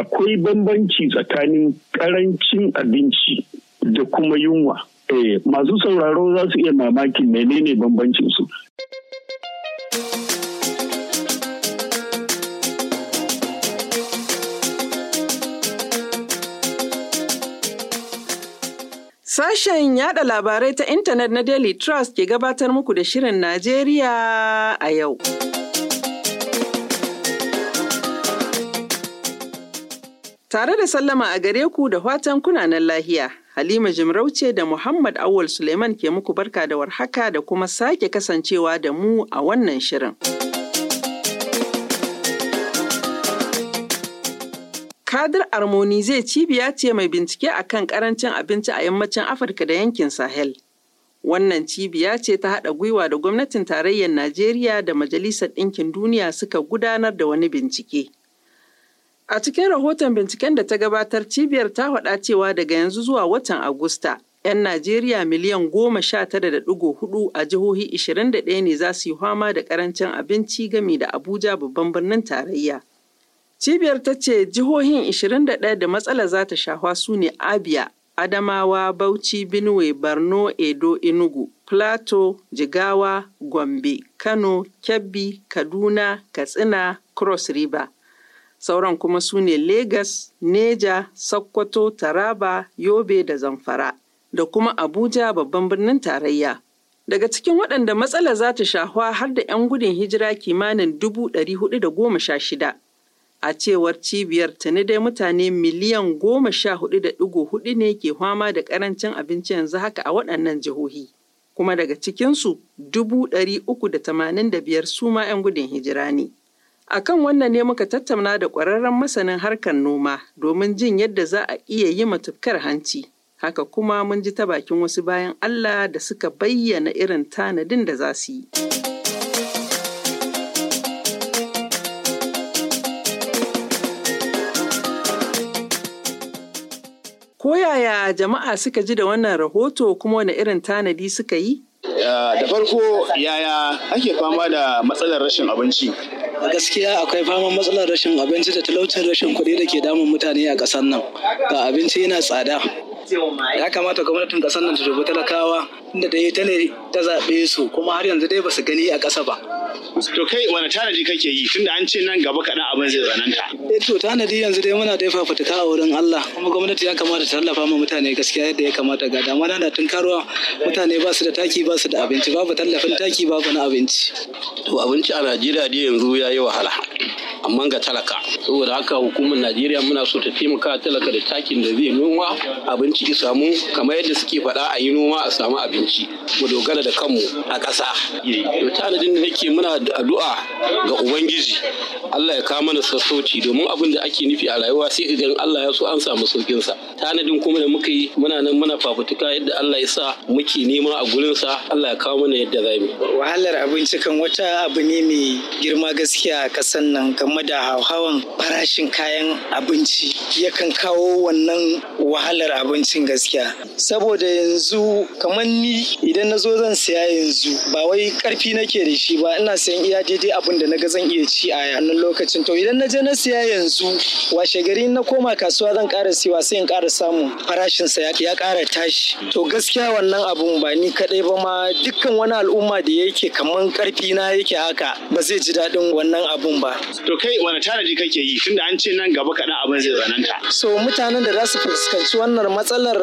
akwai bambanci tsakanin karancin abinci da kuma yunwa. Eh, masu sauraro za su iya mamaki menene bambancin su. Sashen yada labarai ta intanet na Daily Trust ke gabatar muku da Shirin Najeriya a yau. Tare da sallama a gare ku da watan kunanan lahiya, Halima Jimarauce da Muhammad Awul Suleiman ke muku barka da warhaka da kuma sake kasancewa da mu a wannan shirin. Kadir Armoni zai cibiya ce mai bincike a kan karancin abinci a yammacin Afirka da yankin Sahel. Wannan cibiya ce ta haɗa gwiwa da gwamnatin tarayyar Najeriya da Majalisar Ɗinkin Duniya suka gudanar da wani bincike. A cikin rahoton binciken da ta gabatar cibiyar ta faɗa cewa daga yanzu zuwa watan Agusta, 'yan Najeriya miliyan goma sha tara da ɗigo hudu a jihohi 21 ne za su yi fama da karancin abinci gami da Abuja babban birnin tarayya. Cibiyar ta ce jihohin 21 da matsala za ta shafa su ne Abia, Adamawa, Bauchi, Benue, Borno, Edo, Enugu, Plateau, Jigawa, Gombe, Kano, Kebbi, Kaduna, Katsina, Cross River. sauran kuma su ne Legas, Neja, Sokoto, Taraba, Yobe da Zamfara, da kuma Abuja babban birnin tarayya. Daga cikin waɗanda matsala za ta shahuwa har da 'yan gudun hijira kimanin dubu ɗari hudu da goma sha shida. A cewar cibiyar tuni dai mutane miliyan goma sha hudu da ɗigo hudu ne ke fama da ƙarancin abinci yanzu haka a waɗannan jihohi. Kuma daga cikinsu dubu ɗari uku da tamanin da biyar su 'yan gudun hijira ne. Akan wannan ne muka tattauna da ƙwararren masanin harkar noma domin jin yadda za a iya yi matukar hanci. Haka kuma mun ji ta bakin wasu bayan Allah da suka bayyana irin tanadin da za su yi. Koyaya jama'a suka ji da wannan rahoto kuma wani irin tanadi suka yi? da farko yaya ake fama da matsalar rashin abinci gaskiya akwai faman matsalar rashin abinci da talaucin rashin kuɗi da ke damun mutane a ƙasar nan ga abinci yana tsada ya kamata gwamnatin ƙasar nan ta dubi talakawa inda ta yi ta ne ta zaɓe su kuma har yanzu dai ba su gani a ƙasa ba to kai wani tanadi kake yi tunda an ce nan gaba kaɗan abin zai tsananta eh to tanadi yanzu dai muna dai fafutuka a wurin Allah kuma gwamnati ya kamata ta tallafa ma mutane gaskiya yadda ya kamata ga dama na da tunkarwa mutane ba su da taki ba su da abinci babu tallafin taki babu na abinci to abinci a Najeriya dai yanzu ya yi wahala amma ga talaka saboda haka hukumar najeriya muna so ta taimaka talaka da takin da zai noma abinci ki samu kamar yadda suke faɗa a yi noma a samu abinci mu dogara da kanmu a ƙasa to tanadin da nake muna addu'a ga ubangiji Allah ya kawo mana sassauci domin abin da ake nufi a rayuwa sai idan Allah ya so an samu saukin sa tanadin kuma da muka yi muna nan muna fafutuka yadda Allah ya sa muke nema a gurin sa Allah ya kawo mana yadda mu wahalar abinci kan wata abu ne mai girma gaskiya a ƙasar nan kamar game da hauhawan farashin kayan abinci yakan kawo wannan wahalar abincin gaskiya saboda yanzu kamar ni idan na zo zan siya yanzu ba wai karfi nake da shi ba ina sayan iya daidai abin da naga zan iya ci a wannan lokacin to idan na je na siya yanzu washe gari na koma kasuwa zan ƙara siwa sai in ƙara samu farashinsa ya ƙara tashi to gaskiya wannan abun ba ni kadai ba ma dukkan wani al'umma da yake kaman karfi na yake haka ba zai ji daɗin wannan abun ba to kai wani tanadi kake yi tunda an ce nan gaba kaɗan abin zai tsananta. So mutanen da za su fuskanci wannan matsalar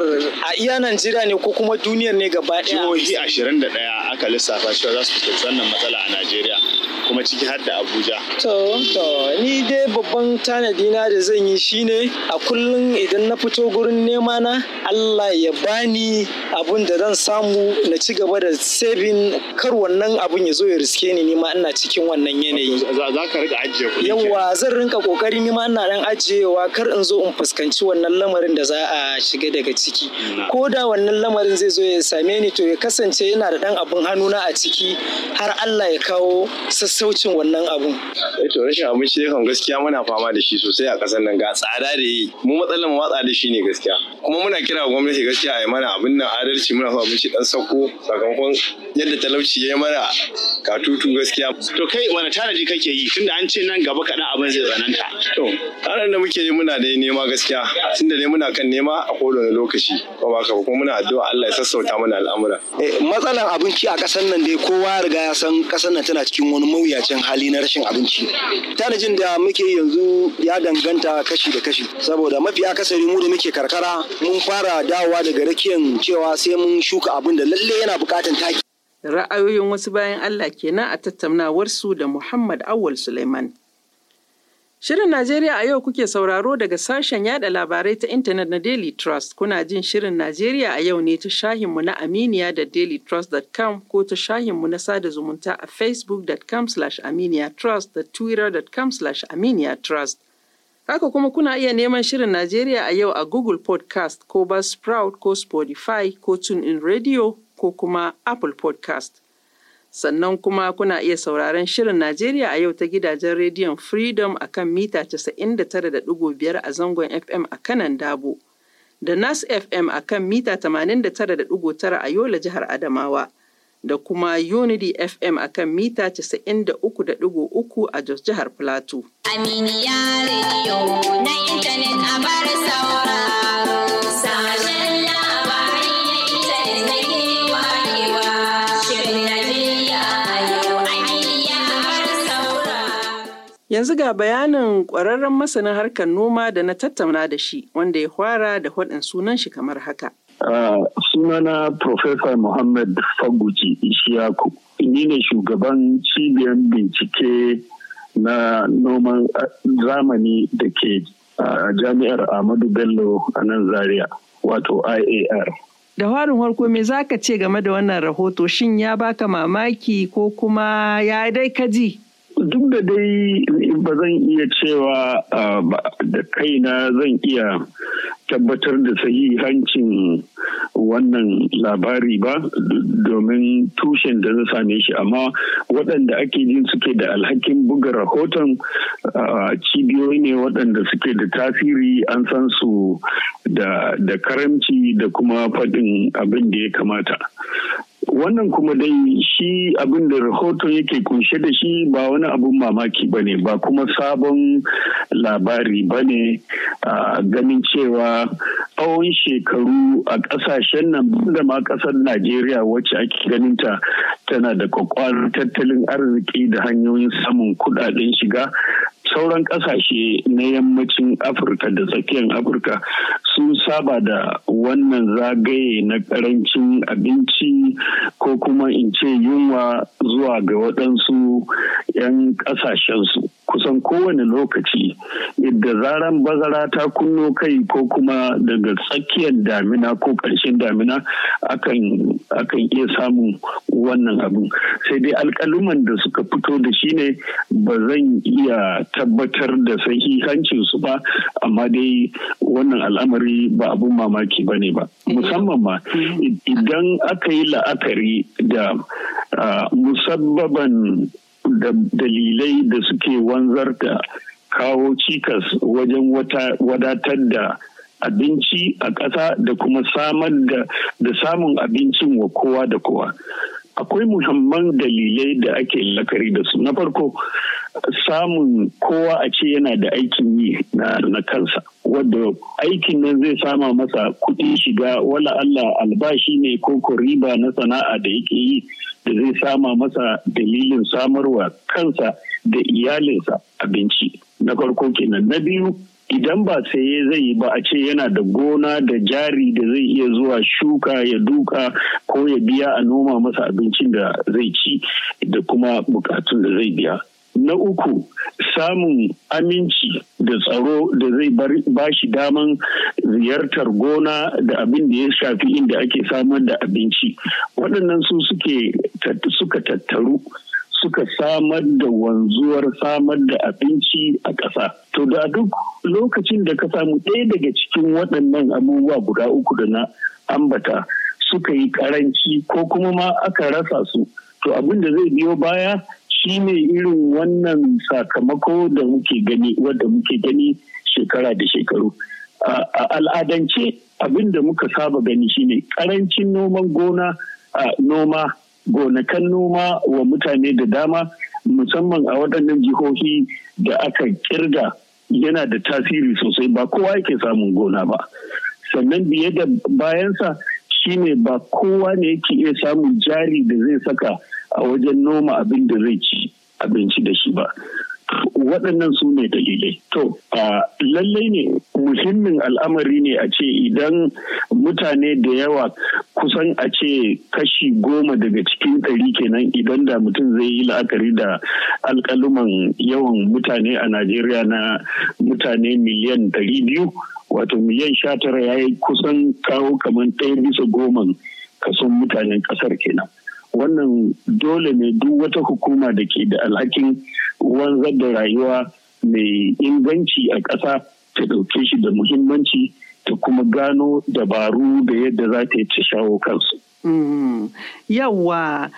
a iya Najeriya ne ko kuma duniyar ne gaba ɗaya. Jihohi ashirin da ɗaya aka lissafa cewa za su fuskanci wannan matsala a Najeriya. kuma ciki har da Abuja. To, to, ni dai babban tanadi na da zan yi shine a kullum idan na fito gurin nema na Allah ya bani abun da zan samu na ci gaba da saving kar wannan abun ya zo ya riske ni nima ina cikin wannan yanayi. Za ka rika ajiye kuɗi. Yawwa zan rinka kokari nima ina dan ajiyewa kar in zo in fuskanci wannan lamarin da za a shiga daga ciki. Ko da wannan lamarin zai zo ya same ni to ya kasance yana da dan abun na a ciki har Allah ya kawo sassa sassaucin wannan abun. Eh to rashin abinci kan gaskiya muna fama da shi sosai a ƙasar nan ga tsada da yi. Mu matsalar mu watsa da shi ne gaskiya. Kuma muna kira gwamnati gaskiya a yi mana abin nan adalci muna so abinci dan sako sakamakon yadda talauci ya yi mana katutu gaskiya. To kai wani tanaji kake yi tunda an ce nan gaba kaɗan abin zai tsananta. To tsarin da muke yi muna da nema gaskiya tunda dai muna kan nema a kowane lokaci ko ba kuma muna addu'a Allah ya sassauta mana al'amura. Eh, matsalar abinci a ƙasar nan dai kowa riga ya san ƙasar nan tana cikin wani mawuyacin hali na rashin abinci tanajin da muke yanzu ya danganta kashi da kashi saboda mafi akasari mu da muke karkara mun fara dawowa daga rakiyan cewa sai mun shuka abin da lalle yana bukatan taki ra'ayoyin wasu bayan Allah kenan a su da Muhammad Awal Suleiman Shirin Najeriya a yau kuke sauraro daga sashen yada labarai ta intanet na Daily Trust. Kuna jin Shirin Najeriya a yau ne ta shahinmu na Aminiya da dailytrust.com ko ta shahinmu na sada zumunta a facebook.com aminiyatrust da twitter.com aminiyatrust. Haka kuma kuna iya neman Shirin Najeriya a yau a Google Podcast ko Buzzsprout ko Spotify ko TuneIn Radio ko kuma Apple Podcast. Sannan kuma kuna iya sauraron Shirin Najeriya a yau ta gidajen rediyon Freedom a kan mita 99.5 a zangon FM a kanan Dabo, da Nas FM a kan mita 89.9 a Yola jihar Adamawa, da kuma Unity FM a kan mita 93.3 a Jos jihar Plateau. Aminiya rediyo na intanet a bar saura. Yanzu ga bayanin ƙwararren masanin harkar noma da na tattauna da shi wanda ya fara da faɗin sunan shi kamar haka. Ah, sunana Profesa Muhammad Faguci Ishiyaku, ni ne shugaban cibiyar bincike na noman ah, zamani da ke a ah, jami'ar Ahmadu Bello a nan Zaria, wato IAR. Da farin harko me za ka ce game da wannan rahoto shin ya baka mamaki ko kuma ya dai kaji? duk da dai ba zan iya cewa da kaina zan iya tabbatar da sahihancin wannan labari ba domin tushen da na same shi amma waɗanda ake jin suke da alhakin buga rahoton cibiyoyi ne waɗanda suke da tasiri an san su da karamci da kuma faɗin abin da ya kamata wannan kuma dai shi abin da rahoton yake kunshe da shi ba wani abin mamaki ba ne ba kuma sabon labari ba ne ganin cewa tsawon shekaru a ƙasashen nan da ma ƙasar najeriya wacce ake ganinta tana da kwakwar tattalin arziki da hanyoyin samun kudaden shiga sauran ƙasashe na yammacin afirka da tsakiyar afirka saba da wannan zagaye na karancin abinci ko kuma in ce yunwa zuwa ga waɗansu 'yan ƙasashensu. kusan kowane lokaci da zaran bazara ta kunno kai ko kuma daga tsakiyar damina ko ƙarshen damina akan iya samun wannan abin sai dai alkaluman da suka fito da shi ne ba zan iya tabbatar da sahihancin su ba amma dai wannan al'amari ba abin mamaki ba ne ba musamman ma mm-hmm. idan aka yi la'akari da ah, musabbaban da dalilai da suke wanzar da kawo cikas wajen wadatar da abinci a ƙasa da kuma samar da samun abincin wa kowa da kowa akwai muhimman dalilai da ake lakari da su na farko samun kowa a ce yana da aikin yi na kansa wadda aikin nan zai sama masa kuɗin shiga wala Allah albashi ne ko riba na sana'a da yake yi da zai sama masa dalilin samarwa kansa da iyalinsa abinci na farko kenan na biyu idan ba sai zai yi ba a ce yana da gona da jari da zai iya zuwa shuka ya duka ko ya biya a noma masa abincin da zai ci da kuma bukatun da zai biya na uku samun aminci da tsaro da zai ba shi daman ziyartar gona da abin da ya shafi inda ake samar da abinci waɗannan su suka tattaru suka samar da wanzuwar samar da abinci a ƙasa. To da duk lokacin da ka samu ɗaya daga cikin waɗannan abubuwa guda uku da na ambata suka yi ƙaranci ko kuma ma aka rasa su. To abin da zai biyo baya shi ne irin wannan sakamako da muke gani wadda muke gani shekara da shekaru a al'adance abin da muka saba gani shine karancin noman gona a noma gonakan noma wa mutane da dama musamman a waɗannan jihohi da aka kirga yana da tasiri sosai ba kowa yake samun gona ba sannan biye da bayansa shine ba kowa ne yake iya samun jari da zai saka a wajen noma abin da zai ci abinci da shi ba waɗannan su ne dalilai. To, a lallai ne muhimmin al'amari ne a ce idan mutane da yawa kusan a ce kashi goma daga cikin ɗari kenan idan da mutum zai yi la'akari da alƙaluman yawan mutane a Najeriya na mutane miliyan ɗari biyu, wato miliyan sha tara ya yi kusan kawo kamar ɗaya bisa goman kason mutanen ƙasar kenan. wannan dole ne duk wata hukuma da ke da alhakin wanzar da rayuwa mai inganci a ƙasa ta ɗauke shi da muhimmanci ta kuma gano dabaru da yadda za ta yi ta shawo kansu. Mm-hmm. Yawwa.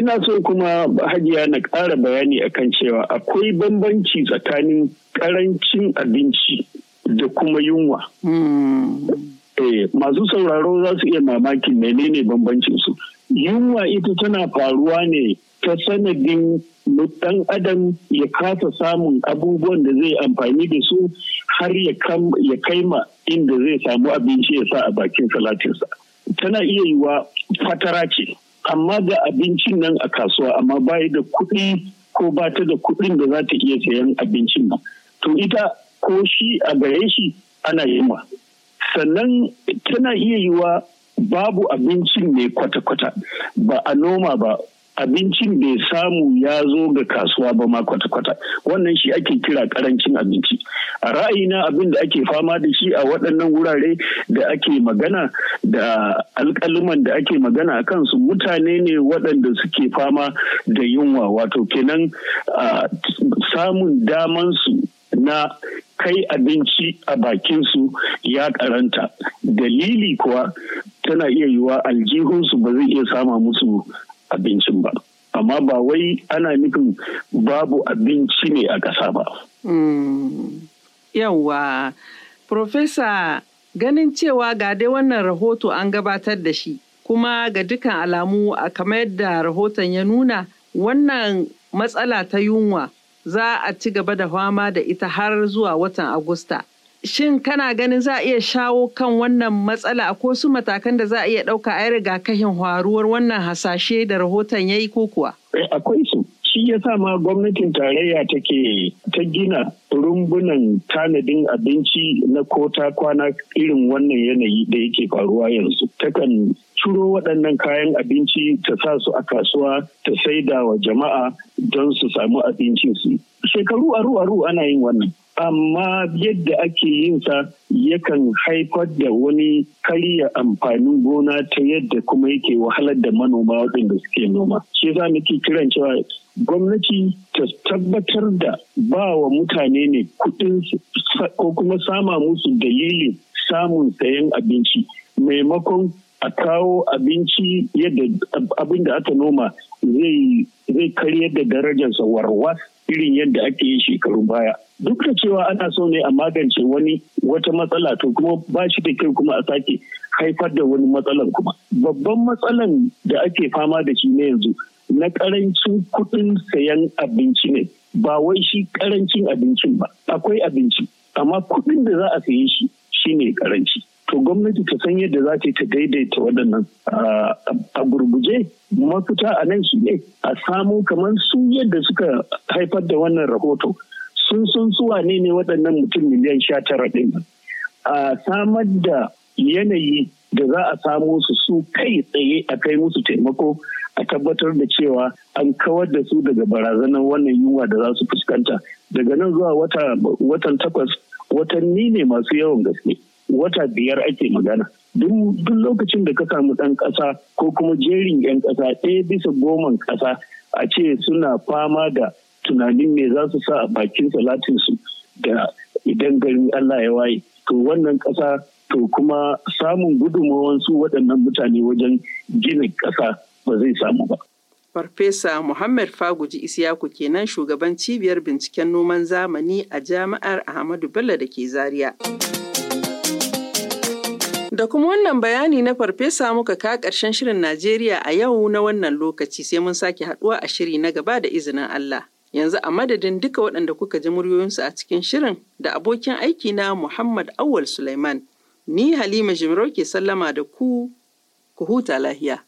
Ina so kuma hajiya na ƙara bayani akan cewa akwai bambanci tsakanin ƙarancin abinci da kuma yunwa. Mm-hmm. Eh, masu sauraro za su iya mamakin menene bambancin su. yunwa ita tana faruwa ne ta sanadin dan adam ya kasa samun abubuwan da zai amfani da su har ya kai ma inda zai samu abinci ya sa a bakin salatinsa tana iya yiwa fatara ce amma ga abincin nan a kasuwa amma bayi da kuɗi ko ba ta da kuɗin da za ta iya sayan abincin nan to ita ko shi a gare shi ana yunwa sannan tana iya yiwa babu abincin ne kwata-kwata ba a noma ba abincin bai samu ya zo ga kasuwa ba ma kwata-kwata wannan shi ake kira karancin abinci a ra'ayina abin da ake fama da shi a waɗannan wurare da ake magana da alƙaluman da ake magana a kansu mutane ne waɗanda suke fama da yunwa wato kenan samun damansu na kai abinci a bakinsu ya karanta dalili kuwa tana iya yiwa aljihunsu ba zai iya sama musu abincin ba amma ba wai ana nufin babu abinci ne a ƙasa ba. Hmm. Yawwa, Profesa ganin cewa ga dai wannan rahoto an gabatar da shi kuma ga dukan alamu a kamar yadda rahoton ya nuna wannan matsala ta yunwa za a ci gaba da fama da ita har zuwa watan Agusta. Shin kana ganin za a iya shawo kan wannan matsala a su matakan da za a iya ɗauka a rigakafin faruwar wannan hasashe da rahoton ya yi ko kuwa? Eh, akwai su. Shi ya sa ma gwamnatin tarayya take ta gina rumbunan tanadin abinci na kota kwana irin wannan yanayi da yake faruwa yanzu. Takan ciro waɗannan kayan abinci ta sa su a kasuwa ta saida wa jama'a don su samu abincin su. Shekaru aru-aru ana yin wannan. amma yadda ake yin sa yakan haifar da wani karya amfanin gona ta yadda kuma yake wahalar da manoma waɗanda suke noma shi yasa muke kiran cewa gwamnati ta tabbatar da ba wa mutane ne kuɗin ko kuma sama musu dalilin samun sayan abinci maimakon a kawo abinci yadda abin da aka noma zai karyar da darajarsa warwa irin yadda ake yi shekaru baya. duk da cewa ana so ne a magance wani wata matsala to kuma ba shi da kyau kuma a sake haifar da wani matsalan kuma babban matsalan da ake fama da shi ne yanzu na karancin kuɗin sayan abinci ne ba wai shi karancin abincin ba akwai abinci amma kuɗin da za a sayi shi shine karanci to gwamnati ta san yadda za ta daidaita waɗannan ah, a gurguje mafita a nan shi ne a samu kamar su yadda suka haifar da wannan rahoto sun sun suwa ne ne waɗannan mutum miliyan sha tara ɗin a samar da yanayi da za a samo su su kai tsaye a kai musu taimako a tabbatar da cewa an kawar da su daga barazanar wannan yunwa da za su fuskanta daga nan zuwa watan takwas watanni ne masu yawan gaske wata biyar ake magana duk lokacin da ka samu ɗan ƙasa ko kuma jerin 'yan ƙasa ɗaya bisa goman ƙasa a ce suna fama da tunanin me za su sa a bakin salatinsu da idan garin Allah ya waye to wannan ƙasa to kuma samun gudunmawansu waɗannan mutane wajen gina ƙasa ba zai samu ba. Farfesa Muhammad Faguji Isiyaku kenan shugaban cibiyar binciken noman zamani a jami'ar Ahmadu Bello da ke Zaria. Da kuma wannan bayani na farfesa muka ka ƙarshen shirin Najeriya a yau na wannan lokaci sai mun sake haɗuwa a shiri na gaba da izinin Allah. Yanzu a madadin duka waɗanda kuka ji muryoyinsu a cikin shirin da abokin aiki na Muhammad Awal Sulaiman, ni Halima Jimiro ke sallama da ku, ku huta lahiya.